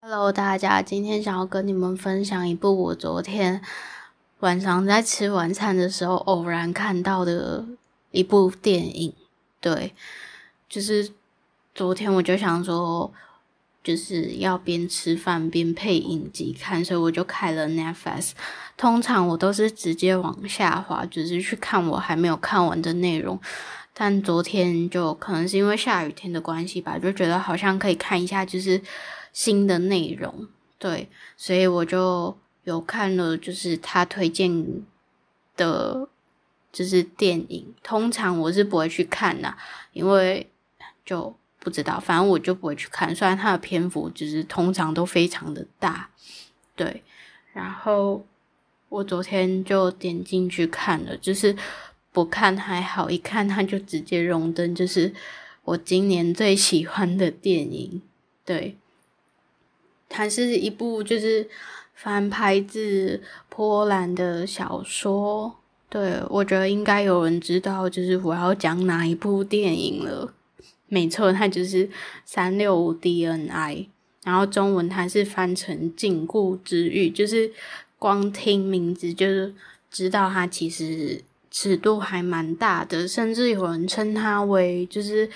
Hello，大家，今天想要跟你們分享一部我昨天晚上在吃晚餐的時候偶然看到的一部電影。對，就是昨天我就想說，就是要邊吃飯邊配影集看，所以我就開了 Netflix。通常我都是直接往下滑，只，就是去看我還沒有看完的內容，但昨天就可能是因為下雨天的關係吧，就覺得好像可以看一下，就是。新的內容，對，所以我就有看了，就是他推薦的，就是電影，通常我是不會去看呐、啊，因為就不知道，反正我就不會去看。雖然它的篇幅就是通常都非常的大，對。然後我昨天就點進去看了，就是不看還好，一看他就直接榮登，就是我今年最喜歡的電影，對。它是一部就是翻拍自波蘭的小說，對，我覺得應該有人知道，就是我要講哪一部電影了。沒錯，它就是《三六五 DNI》，然後中文它是翻成《禁錮之慾》，就是光聽名字就是知道它其實尺度還蠻大的，甚至有人稱它為就是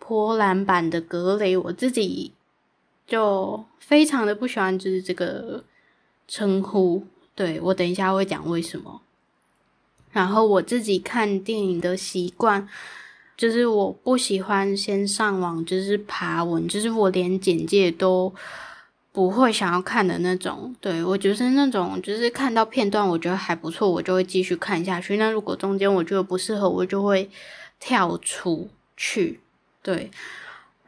波蘭版的《格雷》，我自己。就非常的不喜歡，就是這個稱呼。對，我等一下會講為什麼。然後我自己看電影的習慣，就是我不喜歡先上網，就是爬文，就是我連簡介都不會想要看的那種。對，我就是那種，就是看到片段，我覺得還不錯，我就會繼續看下去。那如果中間我覺得不適合，我就會跳出去。對。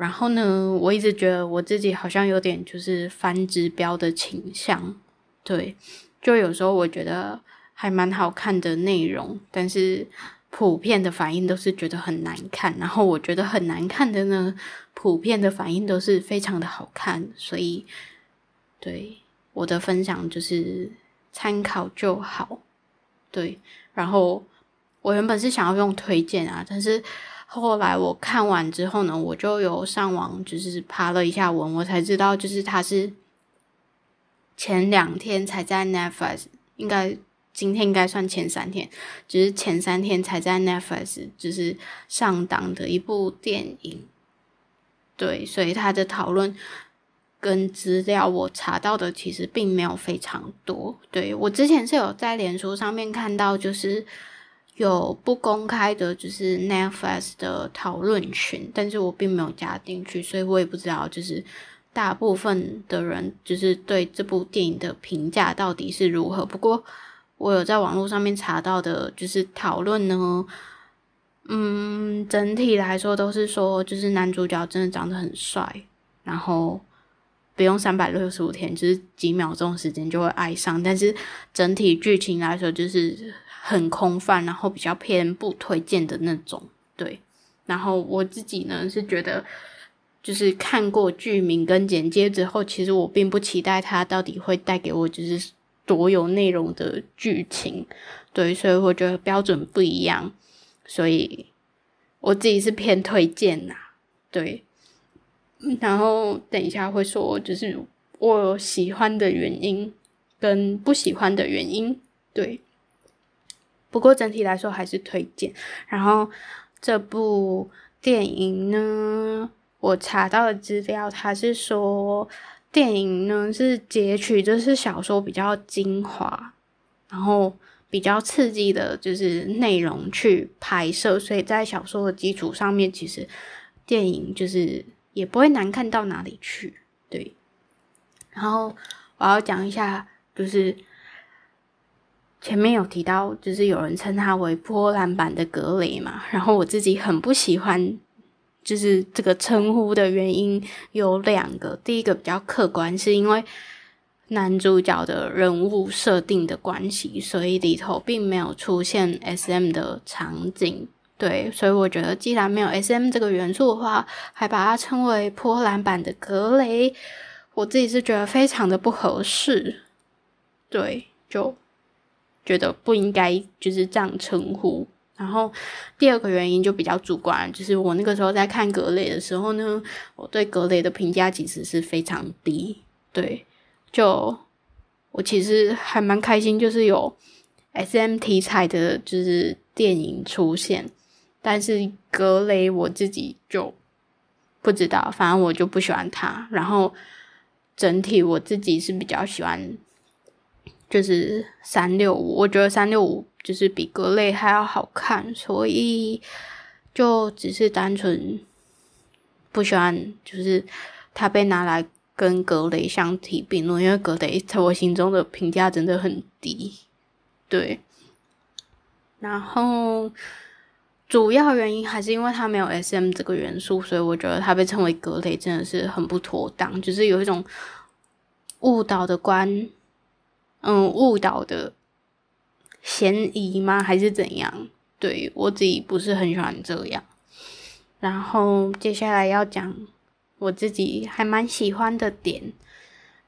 然後呢，我一直覺得我自己好像有點就是反指標的傾向，對，就有時候我覺得還蠻好看的內容，但是普遍的反應都是覺得很難看。然後我覺得很難看的呢，普遍的反應都是非常的好看。所以，對我的分享就是參考就好，對。然後我原本是想要用推薦啊，但是。後來我看完之後呢，我就有上網，就是爬了一下文，我才知道，就是他是前兩天才在 Netflix，應該今天應該算前三天，就是前三天才在 Netflix，就是上檔的一部電影。對，所以他的討論跟資料我查到的其實並沒有非常多。對，我之前是有在臉書上面看到，就是。有不公開的，就是 Netflix 的討論群，但是我並沒有加進去，所以我也不知道，就是大部分的人就是對這部電影的評價到底是如何。不過我有在網絡上面查到的，就是討論呢，嗯，整體來說都是說，就是男主角真的長得很帥，然後不用三百六十五天，就是幾秒鐘時間就會愛上。但是整體劇情來說，就是。很空泛，然後比較偏不推薦的那種。對，然後我自己呢是覺得，就是看過劇名跟簡介之後，其實我並不期待它到底會帶給我就是多有內容的劇情。對，所以我覺得標準不一樣，所以我自己是偏推薦啦，對，然後等一下會說就是我喜歡的原因跟不喜歡的原因。對。不過整體來說還是推薦。然後這部電影呢，我查到的資料，他是說電影呢是截取就是小說比較精華，然後比較刺激的就是內容去拍攝，所以在小說的基礎上面，其實電影就是也不會難看到哪裡去。對，然後我要講一下就是。前面有提到，就是有人稱它為波蘭版的《格雷》嘛，然後我自己很不喜歡，就是這個稱呼的原因有兩個。第一個比較客觀，是因為男主角的人物設定的關係，所以裡頭並沒有出現 SM 的場景。對，所以我覺得既然沒有 SM 這個元素的話，還把它稱為波蘭版的《格雷》，我自己是覺得非常的不合適。對，就。覺得不應該就是這樣稱呼。然後第二個原因就比較主觀，就是我那個時候在看格雷的時候呢，我對格雷的評價其實是非常低。對，就我其實還蠻開心，就是有 SM 題材的就是電影出現，但是格雷我自己就不知道，反正我就不喜歡他。然後整體我自己是比較喜歡。就是三六五，我覺得三六五就是比格雷還要好看，所以就只是單純不喜歡，就是他被拿來跟格雷相提並論，因為格雷在我心中的評價真的很低，對。然後主要原因還是因為他沒有 SM 這個元素，所以我覺得他被稱為格雷真的是很不妥當，就是有一種誤導的觀。嗯，誤導的嫌疑嗎？還是怎樣？對，我自己不是很喜歡這樣。然後接下來要講我自己還蠻喜歡的點，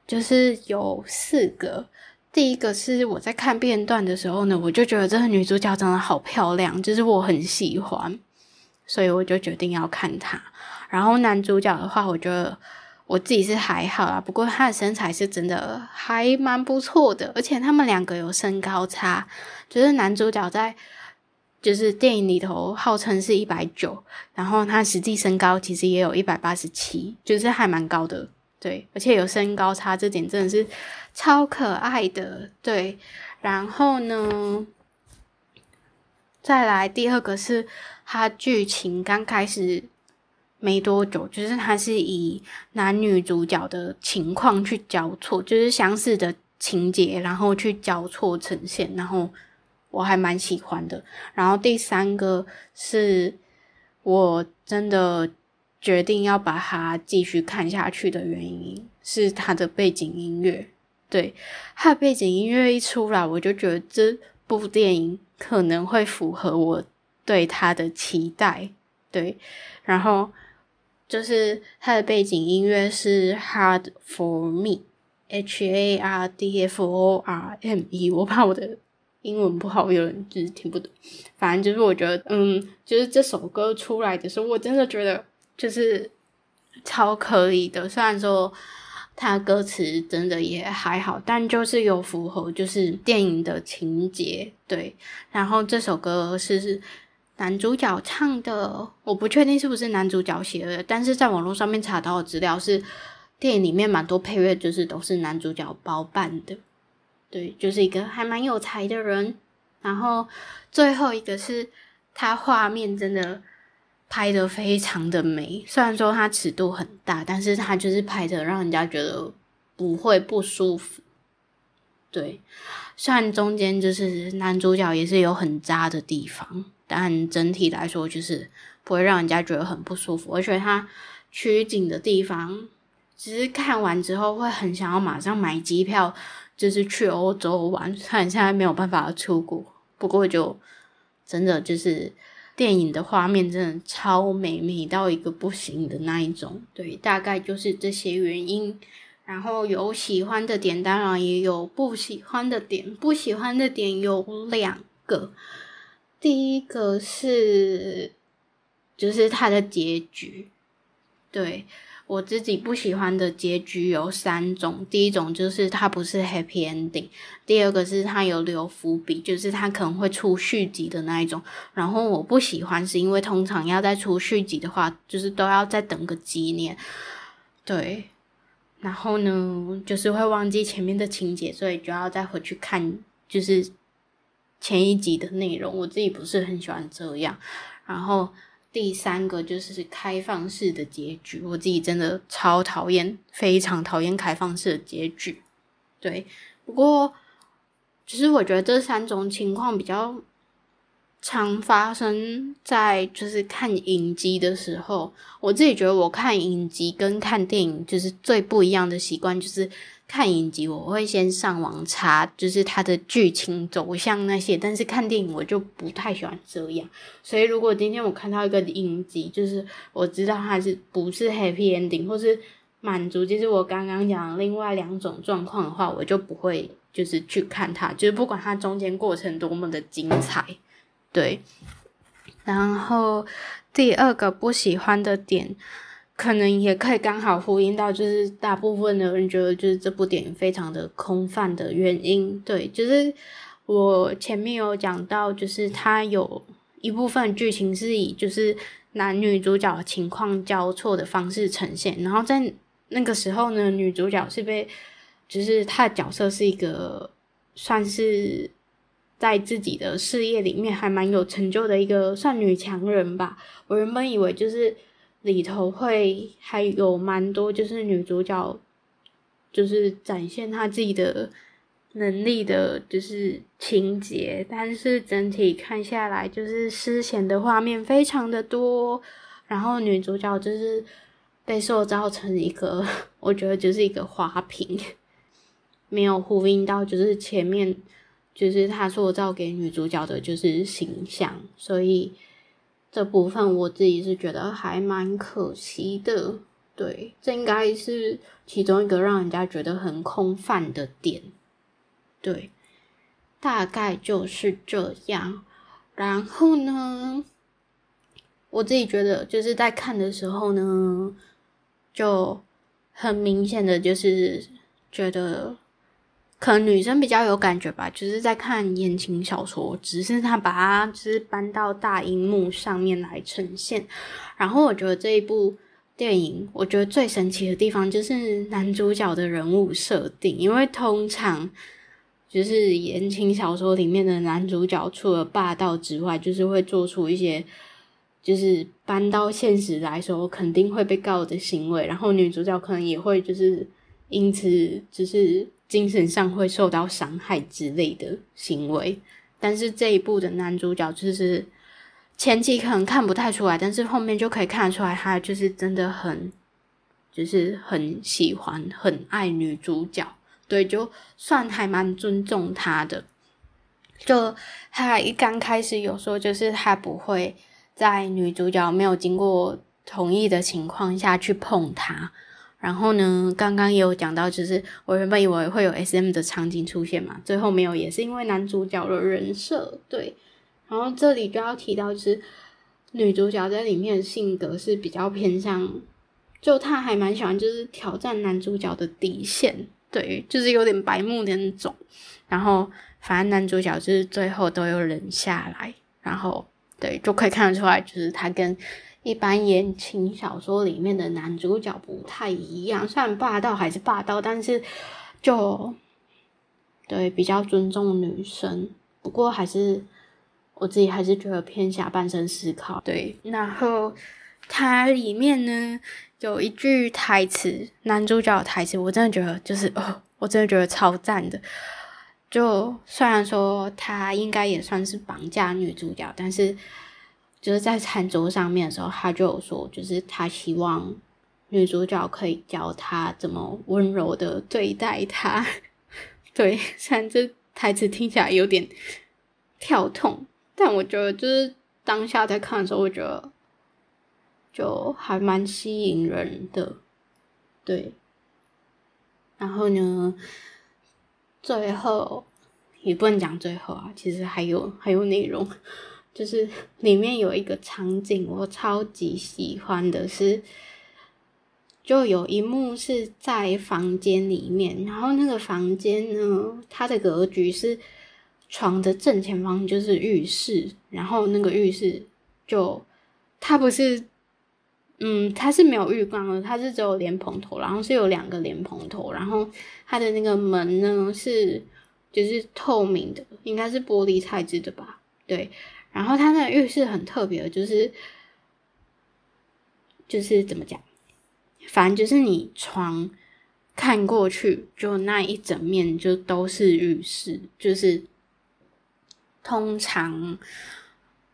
就是有四個。第一個是我在看片段的時候呢，我就覺得這個女主角長得好漂亮，就是我很喜歡，所以我就決定要看她。然後男主角的話，我覺得。我自己是還好啦，不過他的身材是真的還蠻不錯的，而且他們兩個有身高差，就是男主角在，就是電影裡頭號稱是一百九，然後他實際身高其實也有一百八十七，就是還蠻高的，對，而且有身高差這點真的是超可愛的，對，然後呢，再來第二個是他劇情剛開始。沒多久，就是它是以男女主角的情況去交錯，就是相似的情節，然後去交錯呈現，然後我還蠻喜歡的。然後第三個是，我真的決定要把它繼續看下去的原因是它的背景音樂，對，它背景音樂一出來，我就覺得這部電影可能會符合我對它的期待，對，然後。就是它的背景音樂是《Hard for Me》，H A R D F O R M E。我怕我的英文不好，有人就是聽不懂。反正就是我覺得，嗯，就是這首歌出來的時候，我真的覺得就是超可以的。雖然說它歌詞真的也還好，但就是有符合就是電影的情節，對。然後這首歌是。男主角唱的，我不確定是不是男主角寫的，但是在網絡上面查到的資料是，電影裡面蠻多配樂就是都是男主角包辦的，對，就是一個還蠻有才的人。然後最後一個是他畫面真的拍的非常的美，雖然說他尺度很大，但是他就是拍的讓人家覺得不會不舒服。對，雖然中間就是男主角也是有很渣的地方。但整體來說，就是不會讓人家覺得很不舒服，而且它取景的地方，其實看完之後會很想要馬上買機票，就是去歐洲玩。雖然現在沒有辦法出國，不過就真的就是電影的畫面真的超美，美，美到一個不行的那一種。對，大概就是這些原因。然後有喜歡的點，當然也有不喜歡的點。不喜歡的點有兩個。第一個是，就是它的結局。對，我自己不喜歡的結局有三種，第一種就是它不是 happy ending，第二個是它有留伏筆，就是他可能會出續集的那一種。然後我不喜歡是因為通常要再出續集的話，就是都要再等個幾年。對，然後呢，就是會忘記前面的情節，所以就要再回去看，就是。前一集的內容，我自己不是很喜歡這樣。然後第三個就是開放式的結局，我自己真的超討厭，非常討厭開放式的結局。對，不過其實、就是、我覺得這三種情況比較常發生在就是看影集的時候。我自己覺得我看影集跟看電影就是最不一樣的習慣就是。看影集我會先上網查，就是它的劇情走向那些，但是看電影我就不太喜歡這樣。所以如果今天我看到一個影集，就是我知道它是不是 happy ending 或是滿足，就是我剛剛講另外兩種狀況的話，我就不會就是去看它，就是不管它中間過程多麼的精彩，對。然後第二個不喜歡的點。可能也可以剛好呼應到，就是大部分的人覺得就是這部電影非常的空泛的原因。對，就是我前面有講到，就是它有一部分劇情是以就是男女主角情況交錯的方式呈現。然後在那個時候呢，女主角是被，就是她的角色是一個算是在自己的事業裡面還蠻有成就的一個算女強人吧。我原本以為就是。裡頭會還有蠻多，就是女主角就是展現她自己的能力的，就是情節。但是整體看下來，就是失顯的畫面非常的多，然後女主角就是被塑造成一個，我覺得就是一個花瓶，沒有呼應到就是前面就是他塑造給女主角的就是形象，所以。這部分我自己是覺得還蠻可惜的，對，這應該是其中一個讓人家覺得很空泛的點，對，大概就是這樣。然後呢，我自己覺得就是在看的時候呢，就很明顯的就是覺得。可能女生比較有感覺吧，就是在看言情小說，只是他把它就是搬到大熒幕上面來呈現。然後我覺得這一部電影，我覺得最神奇的地方就是男主角的人物設定，因為通常就是言情小說裡面的男主角，除了霸道之外，就是會做出一些就是搬到現實來說肯定會被告的行為。然後女主角可能也會就是因此就是。精神上會受到傷害之類的行為，但是這一部的男主角就是前期可能看不太出來，但是後面就可以看得出來，他就是真的很，就是很喜歡、很愛女主角。對，就算還蠻尊重她的，就他一剛開始有說，就是他不會在女主角沒有經過同意的情況下去碰她。然後呢，剛剛也有講到，就是我原本以為會有 S M 的場景出現嘛，最後沒有，也是因為男主角的人設對。然後這裡就要提到，就是女主角在裡面的性格是比較偏向，就她還蠻喜歡就是挑戰男主角的底線，對，就是有點白目的那種。然後反而男主角就是最後都有忍下來，然後對，就可以看得出來，就是他跟。一般言情小說裡面的男主角不太一樣，雖然霸道還是霸道，但是就對比較尊重女生。不過還是我自己還是覺得偏下半身思考。對，然後它裡面呢有一句台詞，男主角的台詞，我真的覺得就是哦、呃，我真的覺得超讚的。就雖然說他應該也算是綁架女主角，但是。就是在餐桌上面的時候，他就有說，就是他希望女主角可以教他怎麼溫柔的對待他。 對，雖然這台詞聽起來有點跳痛，但我覺得就是當下在看的時候，我覺得就還蠻吸引人的。對，然後呢，最後也不能講最後啊，其實還有還有內容。就是裡面有一個場景，我超級喜歡的是，就有一幕是在房間裡面，然後那個房間呢，它的格局是床的正前方就是浴室，然後那個浴室就它不是，嗯，它是沒有浴缸的，它是只有蓮蓬頭，然後是有兩個蓮蓬頭，然後它的那個門呢是就是透明的，應該是玻璃材質的吧？對。然後他那浴室很特別，就是就是怎麼講，反正就是你床看過去，就那一整面就都是浴室，就是通常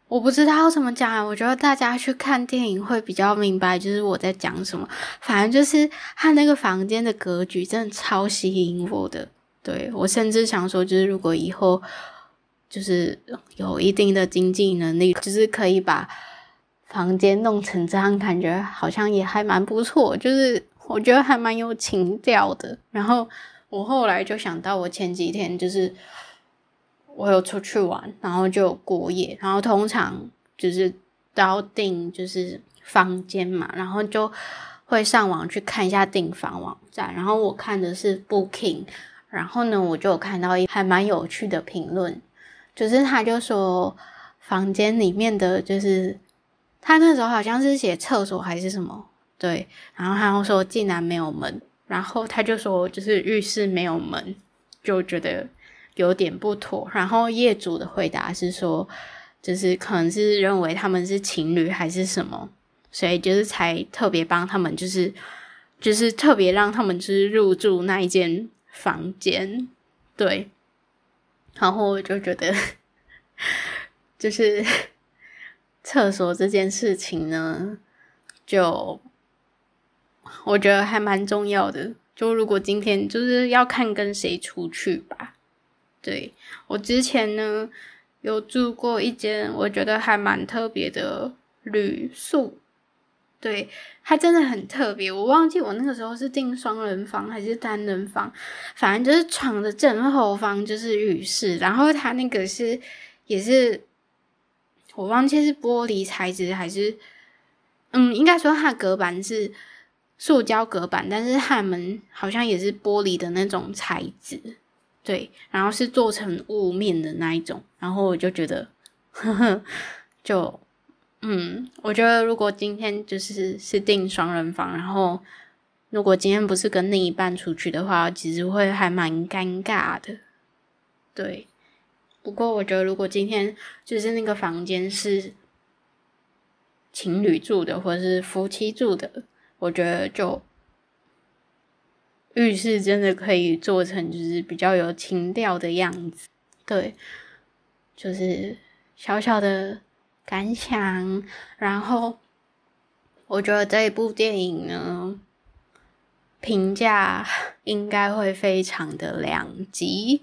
我不知道怎麼講啊，我覺得大家去看電影會比較明白，就是我在講什麼。反正就是他那個房間的格局真的超吸引我的，對我甚至想說，就是如果以後。就是有一定的經濟能力，就是可以把房間弄成這樣，感覺好像也還蠻不錯。就是我覺得還蠻有情調的。然後我後來就想到，我前幾天就是我有出去玩，然後就有過夜。然後通常就是都要訂就是房間嘛，然後就會上網去看一下訂房網站。然後我看的是 Booking，然後呢，我就有看到一還蠻有趣的評論。就是，他就說，房間裡面的就是，他那時候好像是寫廁所還是什麼，對。然後他又說，竟然沒有門。然後他就說，就是浴室沒有門，就覺得有點不妥。然後業主的回答是說，就是可能是認為他們是情侶還是什麼，所以就是才特別幫他們，就是就是特別讓他們就是入住那一間房間，對。然後我就覺得，就是廁所這件事情呢，就我覺得還蠻重要的。就如果今天就是要看跟誰出去吧，對，我之前呢有住過一間我覺得還蠻特別的旅宿。對，它真的很特別，我忘記我那個時候是訂雙人房還是單人房，反正就是床的正後方就是浴室，然後它那個是也是我忘記是玻璃材質還是，嗯，應該說它隔板是塑膠隔板，但是它門好像也是玻璃的那種材質，對，然後是做成霧面的那一種，然後我就覺得，呵呵，就。嗯，我覺得如果今天就是是訂雙人房，然後如果今天不是跟另一半出去的話，其實會還蠻尷尬的。對，不過我覺得如果今天就是那個房間是情侶住的，或者是夫妻住的，我覺得就浴室真的可以做成就是比較有情調的樣子。對，就是小小的。感想，然後我覺得這一部電影呢，評價應該會非常的兩極，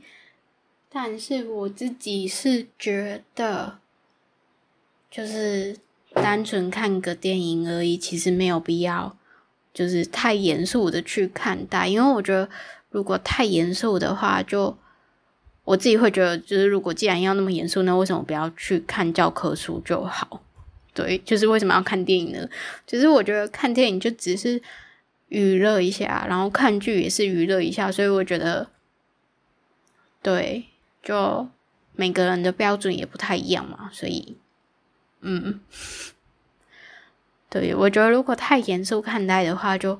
但是我自己是覺得，就是單純看個電影而已，其實沒有必要，就是太嚴肅的去看待，因為我覺得如果太嚴肅的話就。我自己會覺得，就是如果既然要那麼嚴肅呢，那為什麼不要去看教科書就好？對，就是為什麼要看電影呢？其實我覺得看電影就只是娛樂一下，然後看劇也是娛樂一下，所以我覺得，對，就每個人的標準也不太一樣嘛，所以，嗯， 對我覺得如果太嚴肅看待的話，就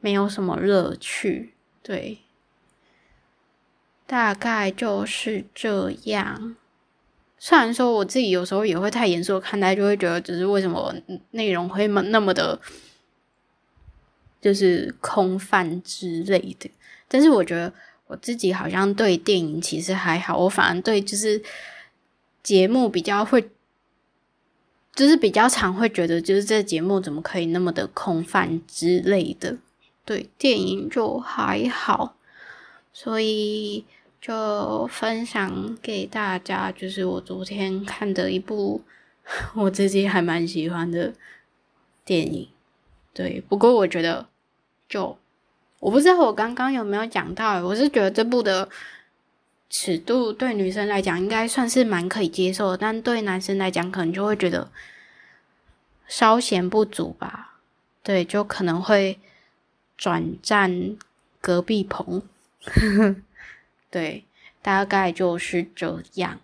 沒有什麼樂趣，對。大概就是這樣。雖然說我自己有時候也會太嚴肅的看待，就會覺得就是為什麼內容會那麼的，就是空泛之類的。但是我覺得我自己好像對電影其實還好，我反而對就是節目比較會，就是比較常會覺得就是這節目怎麼可以那麼的空泛之類的。對電影就還好。所以就分享給大家，就是我昨天看的一部我自己還蠻喜歡的電影。對，不過我覺得就，我不知道我剛剛有沒有講到，我是覺得這部的尺度對女生來講應該算是蠻可以接受的，但對男生來講可能就會覺得稍嫌不足吧。對，就可能會轉戰隔壁棚。呵呵，對，大概就是這樣。